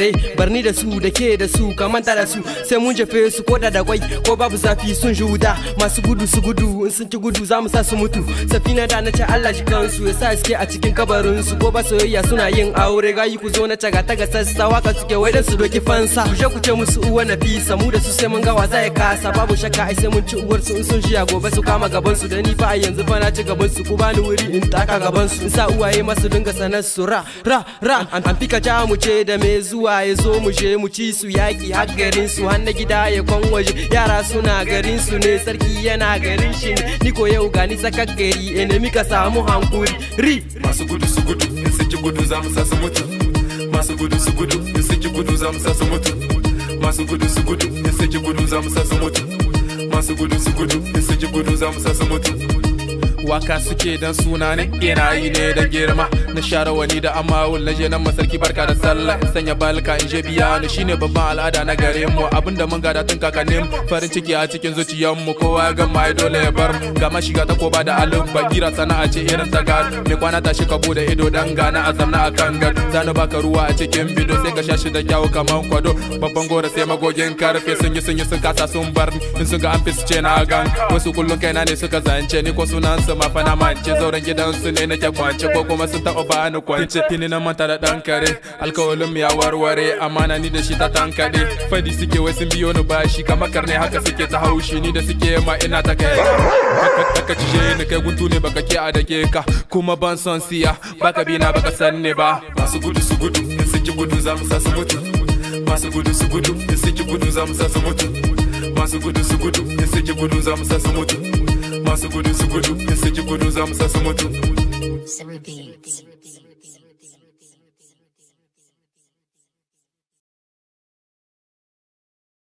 alherai barni da su da ke da su ka manta da su sai mun jefe su ko da da kwai ko babu zafi sun juda masu gudu su gudu in sun ci gudu za mu sa su mutu safina da na ce Allah shi kansu ya sa suke a cikin kabarin su ko ba soyayya suna yin aure gayi ku zo na caga taga sassa waka suke wai da su doki fansa ku je ku ce musu uwa na fi mu da su sai mun ga ya kasa babu shakka ai sai mun ci uwar su in sun shiya gobe su kama gaban su da ni fa a yanzu fa na ci gaban su ku bani wuri in taka gaban su in sa uwaye masu dinga sanar su ra ra ra an fika ja mu ce da me zuwa zuwa ya zo mu je mu ci su yaki har garin su har na gida ya kon waje yara suna garin su ne sarki yana garin shi ne ni ko yau gani sakar gari enemi eh, ka samu hankuri ri masu gudu su gudu in gudu za mu sa su mutu masu gudu su gudu in gudu za mu sa su mutu masu gudu su gudu in gudu za mu sa su mutu masu gudu su gudu in gudu za mu sa su mutu waka suke dan suna ne ina yi ne da girma na share wani da amawul na je nan masarki barka da sallah in sanya balka in je biya ni shine babban al'ada na gare mu abinda mun gada tun kakannin farin ciki a cikin zuciyar mu kowa ga mai dole ya bar ga ma shiga ta koba da alin bakira sana'a ce irin ta gar me kwana shi ka da ido dan gana a zamna akan gar zanu baka ruwa a cikin bido sai ka shashi da kyau kaman kwado babban gora sai magogin karfe sun yi sun yi sun kasa sun bar in sun ga an su na gan wasu kullun kaina ne suka zance ni ko sunan su ma fa na mance zauren su ne nake kwance ko kuma sun taɓa ba ni kwance tini na manta da dan kare alkawalin ya warware amana ni da shi ta tankaɗe fadi suke wai sun biyo ni bashi kamar karne haka suke ta haushi ni da suke ma ina ta kai ka je ni kai guntu ne baka ke a dake ka kuma ban son siya baka bi na baka san ne ba masu gudu su gudu in sun ki gudu za mu sa su mutu masu gudu su gudu su ki gudu za mu sa su mutu masu gudu su gudu su ki gudu za mu sa su mutu masugudu sugudu nisichikudu za msasomotu Sir Beats.